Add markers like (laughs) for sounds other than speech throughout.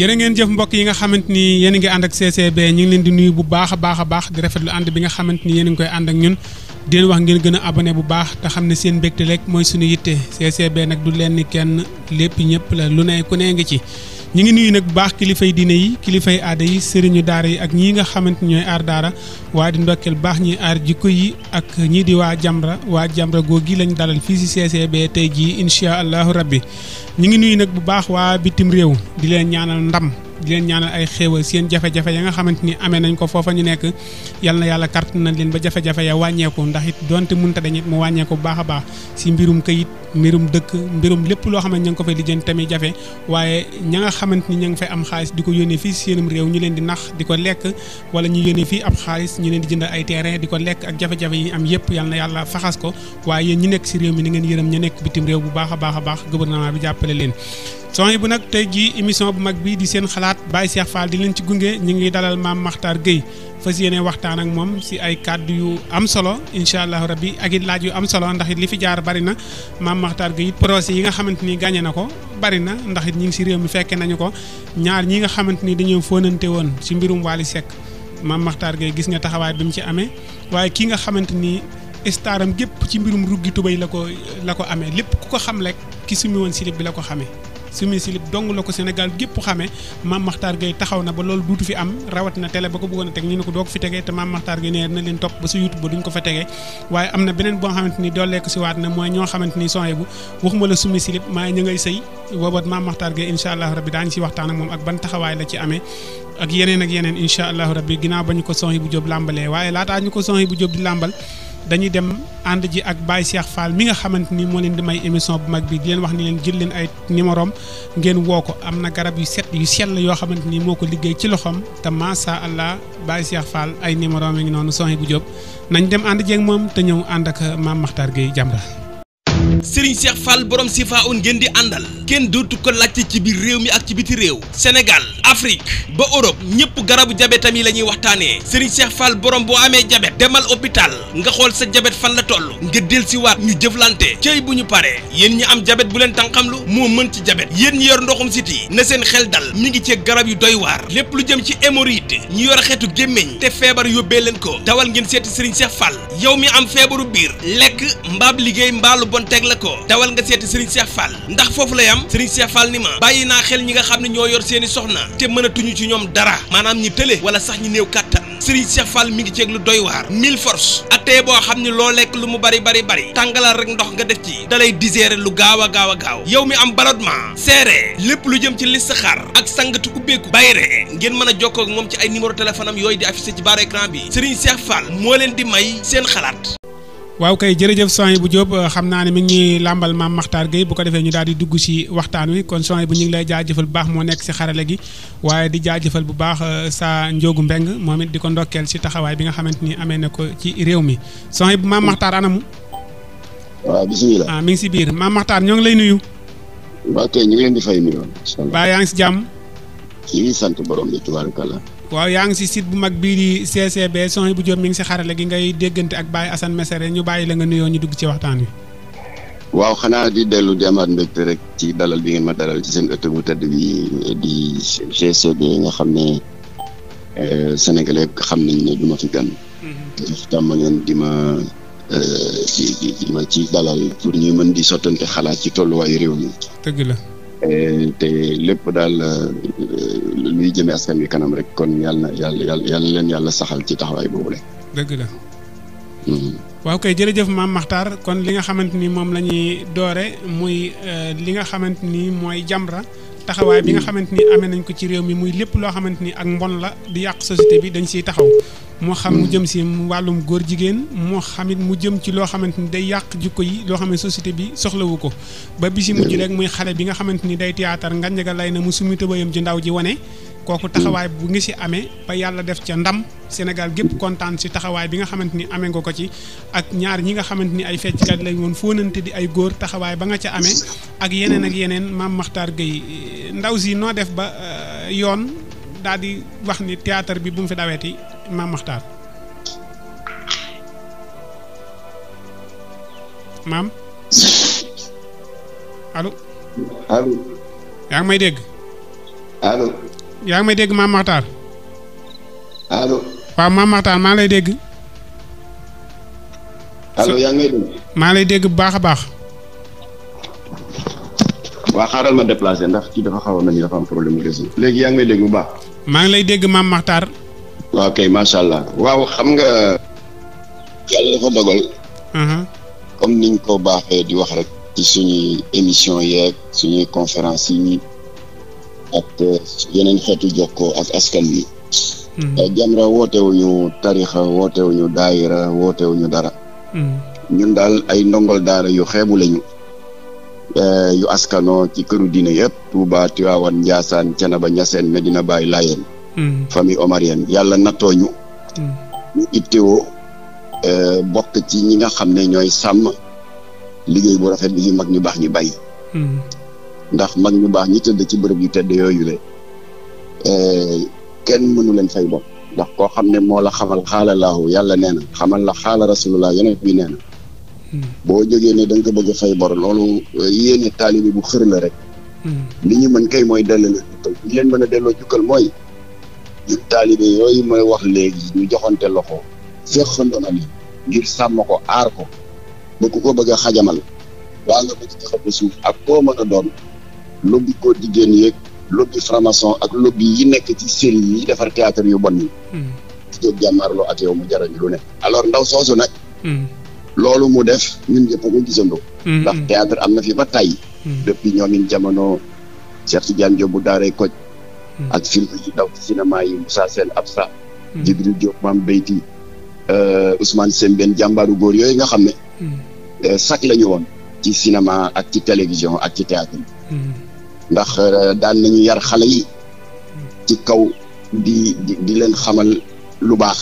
jërë ngeen jëf mbokk yi nga xamante ni yéen a ngi ànd ak CCB ñu ngi leen di nuyu bu baax a baax baax di rafetlu ànd bi nga xamante ni yéen a ngi koy ànd ak ñun di wax ngeen gën a abonné bu baax te xam ne seen mbégte rek mooy suñu yitte CCB nag du leen ni kenn lépp ñëpp la lu ne ku ne ngi ci ñu ngi nuyu nag bu baax kilifay diine yi kilifay aada yi sëriñu daara yi ak ñii nga xamante ni ñooy aar daara waaye di ndokkeel baax ñi aar jikko yi ak ñii di waa Jamra waa Jamra goo gi lañ dalal fii si CCB tey jii incha allahu rabbi ñu ngi nuyu nag bu baax waa bitim réew di leen ñaanal ndam di leen ñaanal ay xéewal seen jafe-jafe ya nga xamante ni amee nañ ko foofa ñu nekk yal na yàlla kart nañ leen ba jafe-jafe ya wàññeeku ndax it donte munta dañit mu wàññeeku bu baax a baax si mbirum kayit mbirum dëkk mbirum lépp loo xam ne ña ngi ko fay lijjanti tamit jafe waaye ña xamante ni ña ngi fay am xaalis di ko yónnee fii seenum réew ñu leen di nax di ko lekk wala ñu yónnee fii ab ñu leen di ay terrain di ko lekk ak jafe yi am yëpp yal yàlla faxas ko waaye yéen nekk si mi ni ngeen yërëm ñu nekk bitim réew bu baax a baax a baax bi jàppale leen son yi bu nag tey jii émission bu mag bi di seen xalaat Baye Cheikh Fall di leen ci gunge ñu ngi dalal maam Makhtar Gueye fas yéene waxtaan ak moom si ay kàddu yu am solo incha allah rabbi ak it laaj yu am solo ndax it li fi jaar bari na maam Makhtar Gueye it procès yi nga xamante ni gagné na ko bari na ndax ñu ngi si réew mi fekke nañu ko ñaar ñi nga xamante ni dañoo fóonante woon si mbirum Wally Seck maam Makhtar Gueye gis nga taxawaay bi mu ci amee waaye ki nga xamante ni staram gépp ci mbirum ruggi tubéy la ko la ko amee lépp ku ko xam ki sumi woon silib bi la ko xamee sumi silib dong la ko Sénégal gépp xamee Mame Makhtar Gueye taxaw na ba loolu duutu fi am rawat na télé ba ko bëggoon a teg ñu ne ko doo ko fi tegee te Mame Makhtar Gueye nee na leen topp ba su YouTube ba duñ ko fa tegee waaye am na beneen boo xamante ni dollee ko si waat na mooy ñoo xamante ni sony bu waxuma la sumi silib maa ñu ngay sëy boobat Mame Makhtar Gueye incha allah rabbi daañu si waxtaan ak moom ak ban taxawaay la ci amee ak yeneen ak yeneen incha allahu ba ñu ko sonyi bu jóob waaye laataa ñu ko sonyi bu jóob dañuy dem ànd ji ak baay Cheikh Fall mi nga xamante ni moo leen di may émission bu mag bi di leen wax ni leen jël leen ay numérom ngeen woo ko am na garab yu set yu sell yoo xamante ni moo ko liggéey ci loxoom te macha allah baay Cheikh Fall ay numéro mi ngi noonu bu Diop nañ dem ànd jeeg moom te ñëw ànd ak Mame Makhtar Gueye Jamra Serigne Cheikh fal borom sifa un ngeen di àndal kenn dootu ko laajte ci biir réew mi ak ci biti réew Sénégal Afrique ba Europe ñëpp garabu jabetam yi la ñuy waxtaanee Serigne fal borom boo amee jabet demal hôpital nga xool sa jabet fan la toll ngir del si ñu jëflante cëy bu ñu paree yéen ñi am jabet bu leen tànqamlu moo mën ci jabet yéen ñi yor ndoxum siti na seen xel dal mi ngi ci garab yu doy waar lépp lu jëm ci hémorroïde ñu yor xeetu gémmiñ te feebar yóbbee leen ko dawal ngeen seeti Serigne Cheikh yow mi am feebaru biir la ko dawal nga seeti Serigne Cheikh Fall ndax foofu la yam Serigne Cheikh Fall ni ma bàyyi naa xel ñi nga xam ne ñoo yor seeni soxna te mënatuñu ci ñoom dara maanaam ñi tële wala sax ñi néew kàttan Serigne Cheikh Fall mi ngi ceeg lu doy waar mille force attee boo xam ne loo lekk lu mu bari bari bari tàngalal rek ndox nga def ci dalay digérer lu gaawa a gaaw a gaaw yow mi am ballonnement seere lépp lu jëm ci listixaar ak sangatu ubbeeku bayre ngeen mën a jokkoo moom ci ay numéro téléphone yooyu di affiché ci barre écran bi Serigne Cheikh moo leen di may seen xalaat waaw kay jërëjëf soñ bu Diop euh, xam naa ne mi ngi ñuy làmbal maam Makhtar Gueye bu ko defee ñu daal di dugg si waxtaan wi kon soñ bu ñu ngi lay jaajëfal bu baax moo nekk si xarale gi waaye di jaajëfal bu baax euh, sa Ndiogu Mbeng moom it di ko ndokkeel si taxawaay bi nga xamante ni amee na ko ci réew mi soñ bu maam Makhtar anamu. waaw bisimilah ah mi ngi si biir maam Makhtar ñoo ngi lay nuyu. waaw kay ñu ngi leen yaa ngi si jàmm. ñu sant borom waaw yaa ngi si site bu mag bii di CCB son bu Diop mi ngi si xarale gi ngay déggante ak Baye Assane Mesere ñu bàyyi la nga nuyoo ñu dugg ci waxtaan wi. waaw xanaa di dellu di amaat mbégte rek ci dalal bi ngeen ma dalal ci seen ëtt bu tëdd bi di GCB nga xam ne euh, sénégalais xam nañ ne du ma fi gan. Mhm. ndax tàmm ngeen di ma euh, di ci dalal pour ñu mën di sottante xalaat ci tolluwaayu réew mi. dëgg la. Eh, te lépp daal eh, eh, luy jëme askan bi kanam rek kon yàlla na yàlla yàlla yàlla leen yàlla saxal ci taxawaay boobu rek. dëgg la. Hmm. waaw kay jërëjëf maam Makhtar kon li nga xamante ni moom la ñuy doore muy li nga xamante ni mooy Jamra taxawaay bi nga xamante ni amee nañ ko ci réew mi muy lépp loo xamante ni ak mbon la di yàq société bi dañ siy taxaw. moo xam mu jëm si wàllum góor jigéen moo xamit mu jëm ci loo xamante ni day yàq jikko yi loo xam ne société bi soxlawu ko ba bi si mujj rek muy xale bi nga xamante ni day théâtre nganjaga lay na mu sumi tëbayam ji ndaw ji wane kooku taxawaay bu ngi si amee ba yàlla def ca ndam Sénégal gépp kontaan si taxawaay bi nga xamante ni amee nga ko ci ak ñaar ñi nga xamante ni ay fecckat lañ woon fóonante di ay góor taxawaay ba nga ca amee ak yeneen ak yeneen maam Makhtar Gueye ndaw si noo def ba euh, yoon daal di wax ni théâtre bi bu mu fi daweeti maam Maxtaar maam allo. yaa ngi may dégg. yaa ngi may dégg maam Maxtaar. allo. waaw maam Maxtaar maa lay dégg. allo yaa ngi may dégg. lay dégg bu baax a baax. waa xaaral ma déplacé ndax kii dafa xawoon nañu dafa am problème mu réseau. léegi yaa ngi may dégg bu baax. maa ngi lay dégg maam Maxtaar. waaw kay macha allah waaw xam nga yàlla dafa dogal. Mhm. comme niñ ko baaxee di wax rek ci suñuy émission yeeg suñuy conférence yi ak euh, yeneen xeetu jokkoo ak askan bi mhm. euh, Jamra wootewuñu tarixa wootewuñu daayira wootewuñu dara mhm. ñun daal ay ndongol daara yu xeebu lañu euh, yu askano ci këru diine yëpp Tuuba Tiwaawan Njaasaan Canaba Ñaseen dina Baay Laayeen Mm. famille omarienne yàlla nattoo ñu. Mm. ñu ittewoo euh, bokk ci ñi nga xam ne ñooy sàmm liggéey bu rafet bi mag ñu baax ñu bàyyi. Mm. ndax mag ñu baax ñi tëdd ci bërëb yu tedd yooyu le euh, kenn mënu leen fay bopp ndax koo xam ne moo la xamal xaala laahu yàlla nee xamal la xaala rasulullah yonent bi nee boo jegee ne da nga ko bëgg a fay bor loolu euh, yéene taalibi bu xër la rek li ñu mën kay mooy delloo la jukkal mën a delloo jukkal mooy taalibe yooyu mooy wax léegi ñu joxante loxo seqandona li ngir sàmm ko aar ko ba ko bëgg a xajamal waa nga bëgg taxaw ba suuf ak koo mën a doon lobbi góor jigéen yeeg lobbi franc-maçon ak lobbi yi nekk ci série yi defar théâtre yu bon yi hmm. di jóg jàmmaarloo ak lu ne alors ndaw soosu nag hmm. loolu mu def ñun ñëpp a ko gisandoo hmm. ndax théâtre am na fi ba tàyyi depuis ñoomin jamono Cheikh Tidiane Diop bu daaree Kocc Mm-hmm. ak film yu daw ci cinéma yi Moussa Sène Absa mm-hmm. Djibril Diop Mame Beyti euh, Ousmane jàmbaaru góor yooyu nga xam ne mm-hmm. euh, sax la ñu woon ci cinéma ak ci télévision ak ci théâtre ndax euh, daan nañu yar xale yi ci kaw di di leen xamal lu baax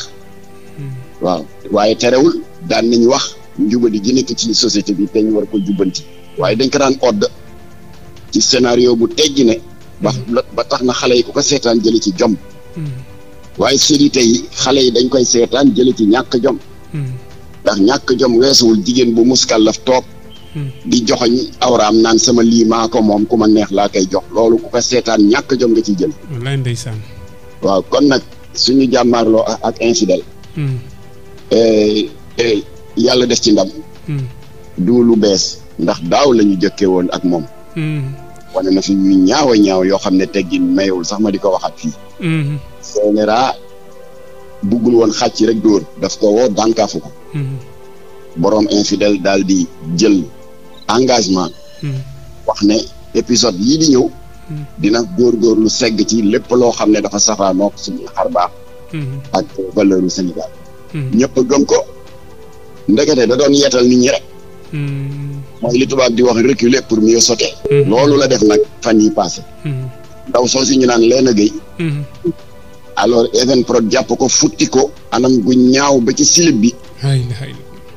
waaw waaye terewul daan nañu wax njubadi gi nekk ci société bi te war ko jubbanti waaye dañ ko daan odd ci scénario bu teggi ne ba tax na xale yi ku ko seetaan jële ci jom hmm. waaye série tey xale yi dañ koy seetaan jële ci ñàkk jom hmm. ndax ñàkk jom weesuwul jigéen bu muskàllaf toog hmm. di joxoñ awraam naan sama lii ko moom ku ma neex laa koy jox loolu ku ko seetaan ñàkk jom nga ci jël wallaay ndeysaan waaw kon nag suñu jàmmaarloo ak infidèle eh, eh, yàlla def ci ndam du bees ndax daaw lañu ñu jëkkee woon ak moom wane na fi ñu ñaaw a ñaaw yoo xam ne teggin mayewul sax ma di ko waxaat fii. CNRA mhm. woon xàcc rek dóor daf ko woo dànkaafu ko. Mhm. borom infidèle daal di jël engagement. Mhm. wax ne épisode yi di ñëw. dina góorgóorlu segg ci lépp loo xam ne dafa safaanook suñu xar baax. ak valeur Sénégal. ñëpp gëm ko. ndekete da doon yeetal nit rek. mooy li tubaab di wax reculer pour mieux sauter. Mhm. loolu la def nag fan yi passé mhm. ndaw soo si ñu naan leen a géy mhm. alors Evenprod jàpp ko futti ko anam gu ñaaw ba ci silib bi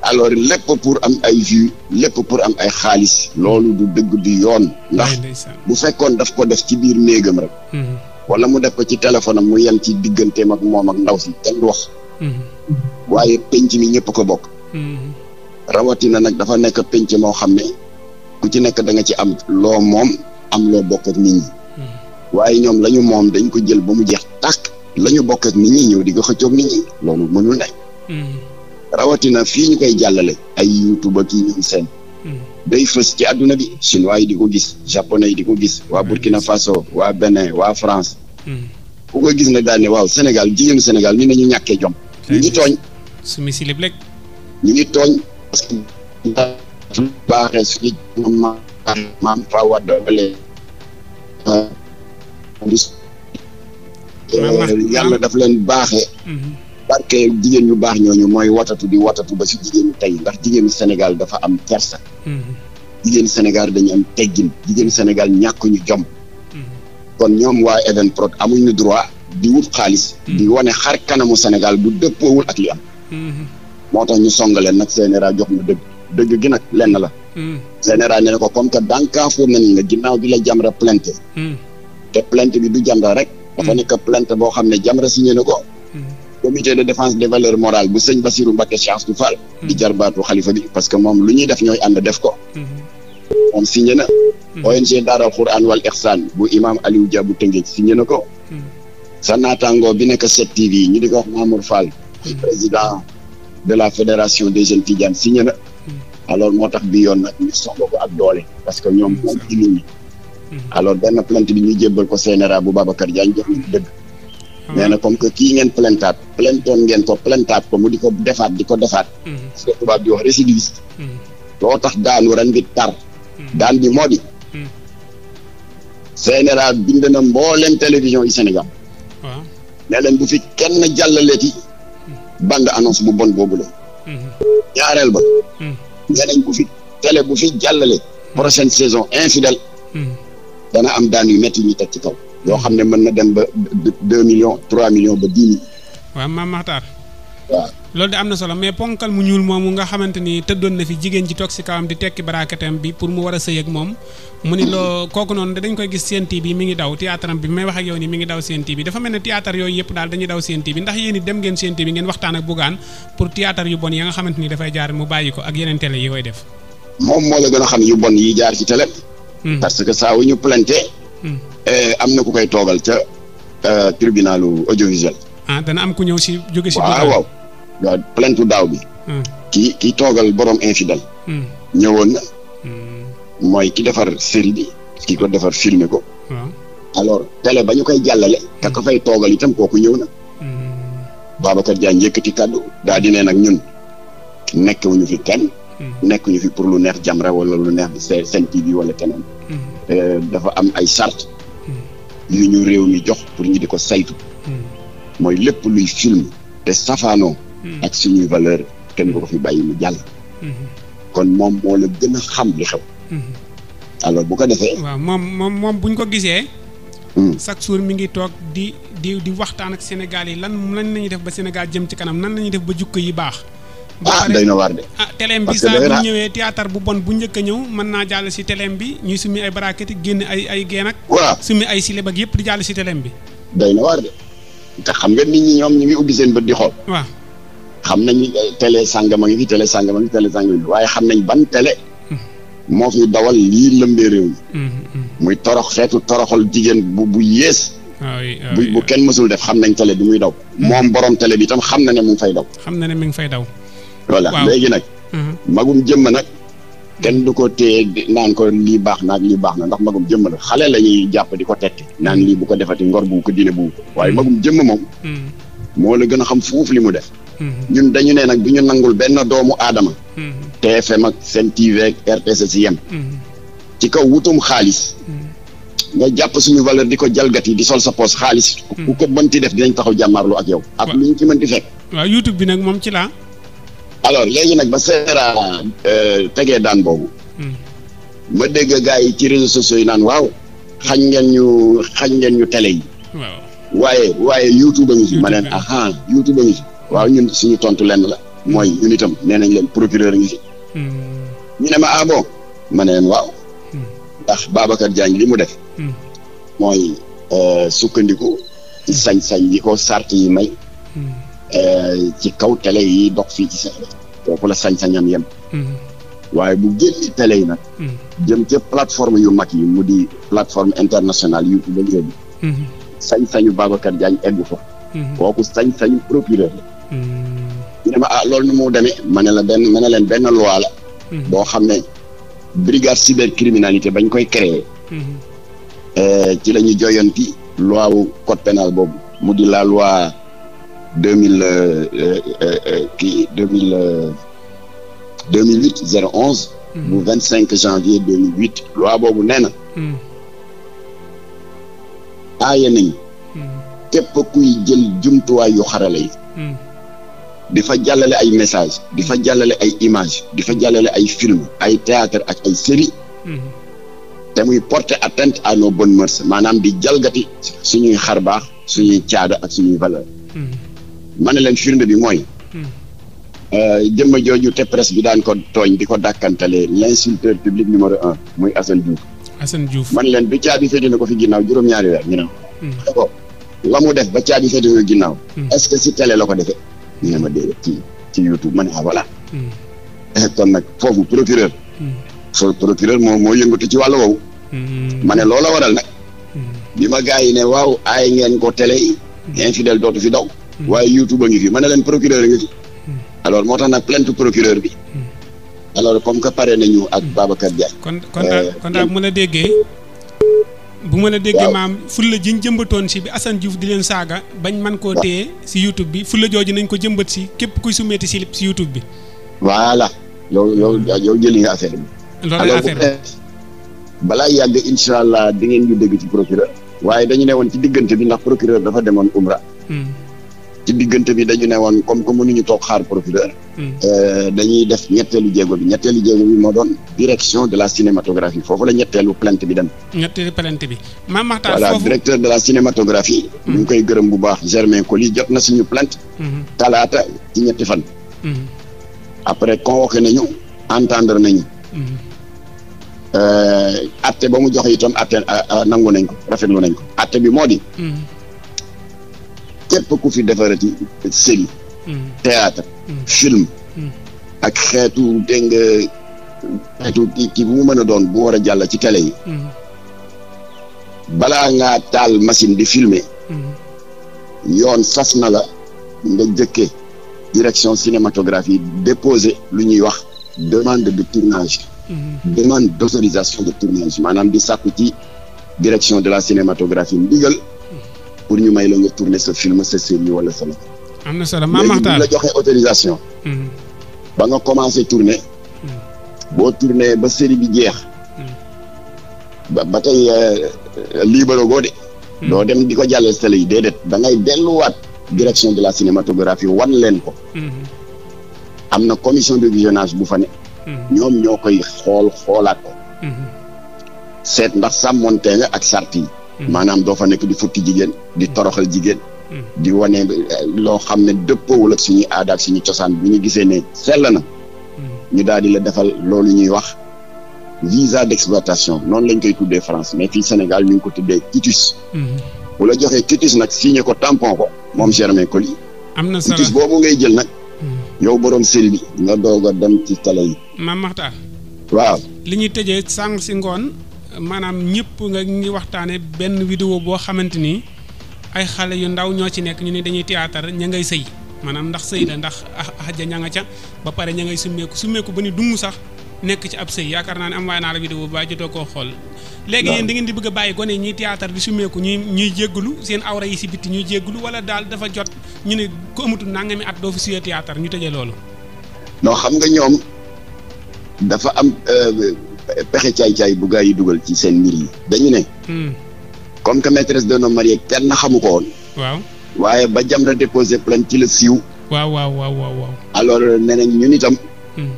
alors lépp pour am ay vues lépp pour am ay xaalis loolu du dëgg du yoon ndax bu fekkoon daf ko def ci biir néegam rek wala mu def ko ci téléphone mu yem ci digganteem ak moom ak ndaw si kenn du wax waaye penc mi ñëpp ko bokk rawatina nag dafa nekk penc moo xam ne ku ci nekk danga ci am loo moom am loo bokk ni nit ñi mm-hmm. waaye ñoom lañu moom dañ ko jël ba mu jeex tàkk la ñu ni ak ñi ñëw di ko ni nit ñi loolu mënul ne mm-hmm. rawatina fii ñu koy jàllale ay youtube ak yi ñoom seen mm-hmm. day fës ci àdduna bi chinois yi di ko gis japonais yi di ko gis waa Burkina Faso waa Benin waa France ku ko gis na daal waaw Sénégal jigéenu Sénégal ni nañu ñàkkee jom ñu ngi ñu tooñ parce que baaxee suñu maam maam yàlla daf leen baaxee mhm. barke jigéen ñu baax ñooñu mooy watatu di watatu ba si jigéenu tey ndax jigéenu Sénégal dafa am kersa mhm. jigéenu Sénégal dañu am teggin jigéenu Sénégal ñàkkuñu jom mhm. kon ñoom waa Evenprod amuñu droit di wut xaalis di wane xar kanamu Sénégal bu dëppoowul ak li am moo tax ñu songaleen nag CNRA jox ñu dëgg dëgg gi nag lenn la CNRA hmm. ne ko comme que dànkaafu nañ la ginnaaw bi la Jamra plainte hmm. te plainte bi du Jamra rek dafa hmm. nekk plainte boo xam ne Jamra signé na ko comité de défense des valeurs morales bu sëñ Bassirou Mbacké Cheikh Fall di jarbaatu xalifa bi parce que moom lu ñuy def ñooy ànd def ko moom signé na ONG Daaral Quran wal Ihsan bu imam Aliou Dia bu Tëngéej signé na ko sa naataango bi nekk 7TV ñu di ko de la fédération des jeune Tidjane signé na. alors moo tax bi yoon nag ñu soxla ak doole. parce que ñoom moom alors benn plainte bi ñu jébbal ko CNRA bu Babacar Diagne jox nañu dëgg. nee na comme que kii ngeen plaintaat plaintoon ngeen ko plaintaat ko mu di ko defaat di ko defaat. parce que tubaab di wax récidiviste. loo tax daanu ren bi tar. daan bi moo di. CNRA bind na télévision yi Sénégal. Ah. nee leen bu fi kenn jàllaleeti bande annonce bu bon boobu la. Mhm. ñaareel ba. ñeneen mhm. bu fi télé bu fi jàllale. Mhm. prochaine saison infidèle. dana am daan yu métti ñu teg ci kaw. yoo xam ne mën na dem ba deux millions trois millions ba dix millions. waaw Mame loolu de am na solo mais ponkal mu ñuul moomu nga xamante ni tëddoon na fi jigéen ji toog si kawam di tekki baraaketam bi pour mu war a sëy ak moom mu ni loo kooku noonu dañ koy gis seen TV bi mi ngi daw théâtre am bi may wax ak yow ni ngi daw seen TV bi dafa mel ne théâtre yooyu yëpp daal dañuy daw seen TV bi ndax yéen it dem ngeen seen TV bi ngeen waxtaan ak Bougane pour théâtre yu bon ya nga xamante ni dafay jaar mu bàyyi ko ak yeneen télé moo la a xam yu bon yi jaar ci télé hmm. parce que saa wu ñu hmm. eh, am na ku koy toogal ca euh, tribunalu audiovisuel ah dana am ku ñëw si jóge si waaw waaw Euh, plainte daaw bi. Hmm. ki ki toogal borom infidèle. Hmm. ñëwoon na. Hmm. mooy ki defar série bi ki ko defar filmer ko. alors tele ba ñu koy jàllale. te ko fay toogal itam kooku ñëw na. Babacar Diagne yëkkati kàddu daal di ne nag ñun nekk fi kenn. nekk fi pour lu neex Jamra walla lu neex Sen TV wala keneen. Euh, dafa am ay charte yu ñu réew mi jox pour ñu di ko saytu. mooy lépp luy film te safaanoo Hmm. ak suñuy valeur kenn du ko fi bàyyi mu jàll. Hmm. kon moom moo la gën a xam li xew. Hmm. alors bu ko defee. waaw moom moom moom bu ñu ko gisee. chaque jour mi ngi toog di di di waxtaan ak Sénégal yi lan lañ la ñuy def ba Sénégal jëm ci kanam nan la ñuy def ba jukko yi baax. ah day na waar de. ah teleem bi saa bu ñëwee théâtre bu bon bu njëkk a ñëw mën naa jàll si teleem bi ñuy summi ay baraakati génn ay ay geen ak. waaw summi ay silib ak yëpp di jàll si teleem bi. day na waar de te xam nga ñi ñoom ñu ngi ubbi di xool. waaw xam nañu télé sàngama ngi fi télé sàngama ngi fi télé sàngama ngi fi waaye xam nañ ban télé hmm. moo fi dawal lii lëmbee réew mi hmm, hmm. muy torox xeetu toroxal jigéen bu bu yées bu bu kenn mësul def xam nañ télé bi muy daw moom borom télé bi itam xam na ne mu ngi fay daw xam na ne mi ngi fay daw voilà léegi nag magum jëmm nag kenn du ko téye naan ko lii baax na ak lii baax na ndax magum jëmm la xale la ñuy jàpp di ko tekki naan lii bu ko defati ngor bu ko dina bu waaye magum jëmm moom moo la gën a xam fuuf li mu def Mm-hmm. ñun dañu ne nag du ñu nangul benn doomu aadama. TFM mm-hmm. ak Sen TV ak RTS si yem. ci kaw wutum xaalis. Mm-hmm. nga jàpp suñu valeur di ko jalgati di sol sa poos xaalis. ku ko mënti def dinañ taxaw jàmmaarlu ak yow. ak luñ ci mënti fekk. waaw YouTube bi nag moom ci laa. alors léegi nag ba seera euh, tegee daan boobu. ma dégg gars yi ci réseaux sociaux yi naan waaw. xañ ngeen ñu xañ ngeen ñu télé yi. waaye waaye YouTube a ngi si. ma neen aha YouTube a si. waaw ñun suñu tontu lenn la hmm. mooy unitam itam nee nañ leen procureur ngi fi. Hmm. ñu ne ma ah ma ne leen waaw. Hmm. ndax Babacar Diagne li mu def. mooy euh, sukkandiku ci sañ-sañ yi ko sart yi may. Euh, ci kaw tele yi dox fii ci Sénégal kooku la sañ-sañam yem. waaye bu génn télé jëm ca plateforme yu mag yi mu di plateforme internationale yu bëgg sañ-sañu Babacar Diagne eggu fa. kooku sañ-sañu procureur ñu ne ma ah loolu nu mu demee ma la benn ma leen benn loi la. Mhm. boo xam ne brigade cybercriminalité bañ koy créer. Mhm. Euh, ci la ñuy joyanti loi wu code pénal boobu mu di la loi deux mille euh, euh, kii deux mille deux mille huit zéro onze. Mhm. bu vingt cinq janvier deux mille huit. loi boobu nee na. aaye nañ. kuy jël jumtuwaay yu xarala yi. di fa jàllale ay message di fa jàllale ay image di fa jàllale ay film ay théâtre ak ay série mm-hmm. te muy porter attent à nos bonnes mœurs maanaam di jalgati suñuy xar baax suñuy caada ak suñuy valeur mm-hmm. ma ne leen firnde bi mooy mm-hmm. euh, jëmm jooju te presse bi daan ko tooñ di ko dàkkantale l'insulteur public numéro un muy Assane Diouf Assane Diouf man leen bi caabi féete na ko fi ginnaaw juróom-ñaari weer ñu ne ko la mu def ba caabi féete na ginnaaw est-ce que si télé la ko defee ñu ne ma déedéet ci ci YouTube ma ne ah voilà. Hmm. Eh, kon nag foofu procureur. foofu hmm. procureur moom moo yëngatu ci wàll woowu. Hmm. ma ne loola waral nag. bi ma gars yi ne waaw aay ngeen ko télé yi. infidèle dootu fi daw. waaye YouTube a ngi fi ma ne leen procureur a ngi fi. alors moo tax nag procureur bi. alors comme que pare nañu ak Babacar Diagne. kon kon daal euh, kon a déggee. bu mën a déggee maam fulla jiñ jëmbatoon si bi Assane Diouf di leen saaga bañ man koo téye si YouTube bi fulla jooju nañ ko jëmbat si képp kuy sumeeti si si YouTube bi. voilà yow yow yow jëli nga affaire bi. loolu affaire balaa yàgg incha allah di ngeen ñu dégg ci procureur. waaye dañu ne woon ci diggante bi ndax procureur dafa demoon Umra. Hmm. ci diggante bi dañu ne woon comme que mënuñu toog xaar procureur. Hmm. Euh, dañuy def ñetteelu jéego bi ñetteelu jéego bi moo doon direction de la cinématographie foofu la ñetteelu plainte bi dem. ñetteelu plainte bi. maam Makhtar voilà directeur de la cinématographie. Hmm. ñu ngi koy gërëm bu baax Germain Coly jot na suñu plainte. Hmm. talaata ci ñetti fan. après convoqué nañu entendre nañu. Euh, atte ba mu joxe itam atte euh, nangu nañ ko rafetlu nañ ko atte bi moo di. képp ku fi defarati série mm-hmm. théâtre mm-hmm. film mm-hmm. ak xeetu dégg nga xeetu kii bu mu mën a doon bu war a jàll ci télé yi balaa ngaa taal machine di filmer yoon sas na la nga jëkke direction cinématographie déposer lu ñuy wax demande de tournage demande d' de tournage maanaam di sàkku ci direction de la cinématographie ndigal pour ñu may la nga tourner sa film sa série wala sa la. am na solo Mame Makhtar la joxe autorisation. Mm-hmm. ba nga commencé tourner. Mm-hmm. boo tourner ba série bi jeex. Mm-hmm. ba ba tey euh, euh, libéré goo de. doo dem di ko jàllale télé yi déedéet da ngay delluwaat direction de la cinématographie wan leen ko. am na commission de visionnage bu fa ne. ñoom ñoo koy xool xoolaat ko. seet ndax sàmmonte nga ak sart yi. Mm-hmm. maanaam doo fa nekk di futti jigéen di mm-hmm. toroxal jigéen mm-hmm. di wane eh, loo xam ne dëppoowul ak suñuy aada ak suñuy cosaan bi ñu gisee ne sell na ñu daal di la defal loolu ñuy wax visa d'exploitation noonu lañ koy tuddee France mais fii Sénégal ñu ngi ko tuddee quitus bu la joxee quitus nag signé ko tampon ko moom Germain Coly am na quitus boobu ngay jël nag yow borom sel bi nga doog a dem ci télé yi waaw li ñuy tëjee sànq si ngoon maanaam ñëpp nga ngi waxtaane benn vidéo boo xamante ni ay xale yu ndaw ñoo ci nekk ñu ne dañuy théâtre ña ngay sëy maanaam ndax sëy la ndax xaja ah, ah, ña nga ca ba pare ña nga summeeku summeeku ba ni dung sax nekk ci ab sëy yaakaar naa ne am waaye naa la ba jotoo koo xool léegi yéen da ngeen di bëgg a bàyyi gone ñuy théâtre di summeeku ñuy ñuy jégglu seen awra yi si bitti ñuy jégglu wala daal dafa jot ñu ne ko amatul mi at doo fi suyee théâtre ñu tëjee loolu non xam nga ñoom dafa am euh, pexe caay-caay bu gaa yi dugal ci seen mbir yi dañu ne. Hmm. comme que maîtresse d'un homme kenn xamu ko woon. waaye ba Jamra déposé plainte ci la siiw. waaw waaw waaw waaw. alors nee nañ ñun itam. Hmm.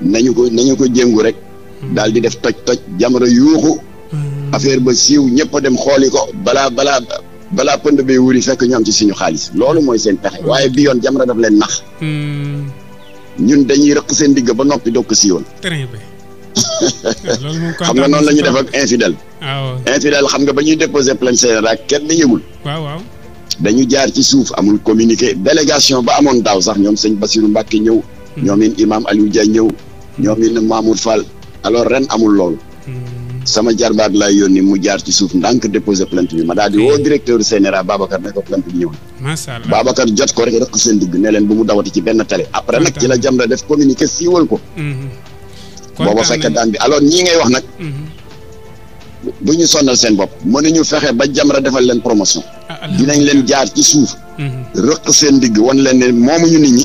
nañu ko nañu ko jéngu rek. Hmm. daal di def toj-toj Jamra yuuxu. affaire ba siiw ñëpp a dem xooli ko balaa balaa balaa pënd bay wuri fekk ñu am ci suñu xaalis loolu mooy seen pexe waaye bii yoon Jamra daf leen nax. ñun dañuy rëq seen digg ba noppi doog ko siiwal. très (laughs) xam nga noonu la ñuy def ak infidèle ah infidèle xam nga ba ñuy déposer plainte seen ak kenn yëgul waaw waaw dañu jaar ci suuf amul communiqué délégation ba amoon daaw sax ñoom sëñ Bassirou Mbacke ñëw hmm. ñoom in imam Aliou Dia ñëw hmm. ñoom in Mamour Fall alors ren amul loolu hmm. sama jarbaat lay yónni mu jaar ci suuf ndànk déposer plainte bi ma daal di woo directeur CNRA Babacar ne ko plainte bi ñëw na Babacar jot ko rek rek seen digg ne leen bu mu dawati ci benn télé après nag ci la jam la def communiqué siiwal ko booba fekk daan bi alors ñii ngay wax nag mhm. bu ñu sonnal seen bopp mënuñu fexe ba Jamra defal leen promotion ah, dinañ leen jaar ci suuf mhm. rëq seen digg wan leen ne ñu nit ñi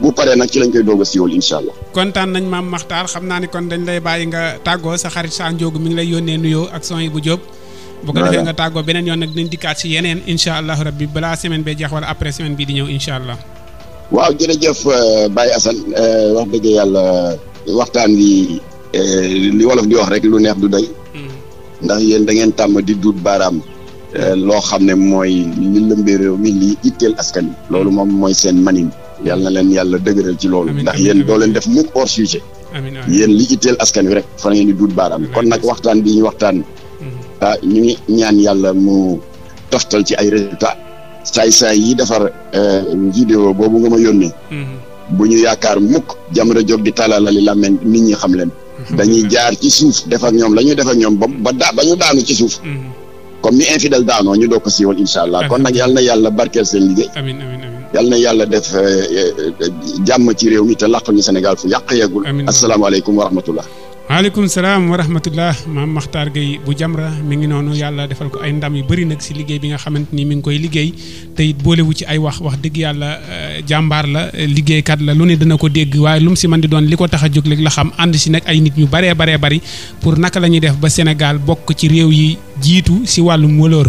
bu paree nag ci lañ koy doog si siiwal incha allah. kontaan nañ maam Makhtar xam naa ne kon dañ lay bàyyi nga tàggoo sa xarit sa Ndiogu mi ngi lay yónnee nuyoo ak son yi bu jóob bu ko defee nga tàggoo beneen yoon nag dinañ dikkaat si yeneen incha allah rabbi balaa semaine bee jeex wala après semaine bii di ñëw incha allah. waaw jërëjëf euh, Baye Assane euh, wax dëgg yàlla. waxtaan wi eh, li wolof di wax rek lu neex du day hmm. ndax yéen da ngeen tàmm di duut baaraam. Hmm. Eh, loo xam ne mooy li lëmbee réew mi li itteel askan wi. loolu hmm. moom mooy seen manin. yàlla na leen yàlla dëgëral ci loolu. ndax yéen doo leen def mukk hors sujet. yéen li itteel askan wi rek fa ngeen di duut baaraam. kon nag waxtaan bi ñu waxtaan. ah ñu ngi ñaan yàlla mu toftal ci ay résultat saay saay yi defar eh, vidéo boobu nga ma yónnee. bu ñu yaakaar mukk Jamra Jóob di talalali làmmiñ nit ñi xam leen mhm. dañuy jaar ci suuf def ñoom la ñuy def ñoom ba ba daa ba ñu daanu ci suuf mhm. comme ni infidèle daanoo ñu doog ko siiwal insha allah kon nag yal na yàlla barkeel seen liggéey amiin amiin amiin yal na yàlla def eh, eh, eh, jàmm ci réew mi te làq ñu Sénégal fu yàq yeggul asalaamaaleykum wa rahmatullah maaleykum salaam wa rahmatullah maam Makhtar Gueye bu jam Jamra mi ngi noonu yàlla defal ko ay ndam yu bëri nag si liggéey bi nga xamante ni mu ngi koy liggéey tey it boolewu ci ay wax wax dëgg yàlla eh, jàmbaar la liggéeykat la lu ne dina ko dégg waaye lu mu si man di doon li ko tax a jóg rek la xam ànd si nag ay nit ñu baree baree bari pour naka la ñuy def ba Sénégal bokk ci réew yi jiitu si wàllum wëloor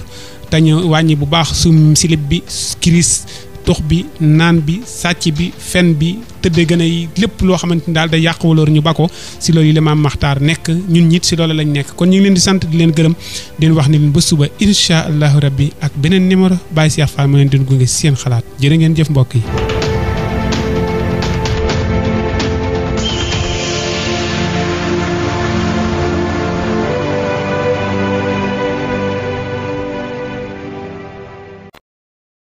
tañu wàññi bu baax sum silib bi kiris tux bi naan bi sàcc bi fen bi tëdde gën a yi lépp loo xamante ni daal day yàq waloor ñu ba ko si loolu yi la maam maxtaar nekk ñun ñiit si loolu lañu nekk kon ñu ngi leen di sant di leen gërëm di wax ni ba suba incha allahu rabbi ak beneen numéro Baye Cheikh Fall mu leen di gunge si seen xalaat jërë ngeen jëf mbokk yi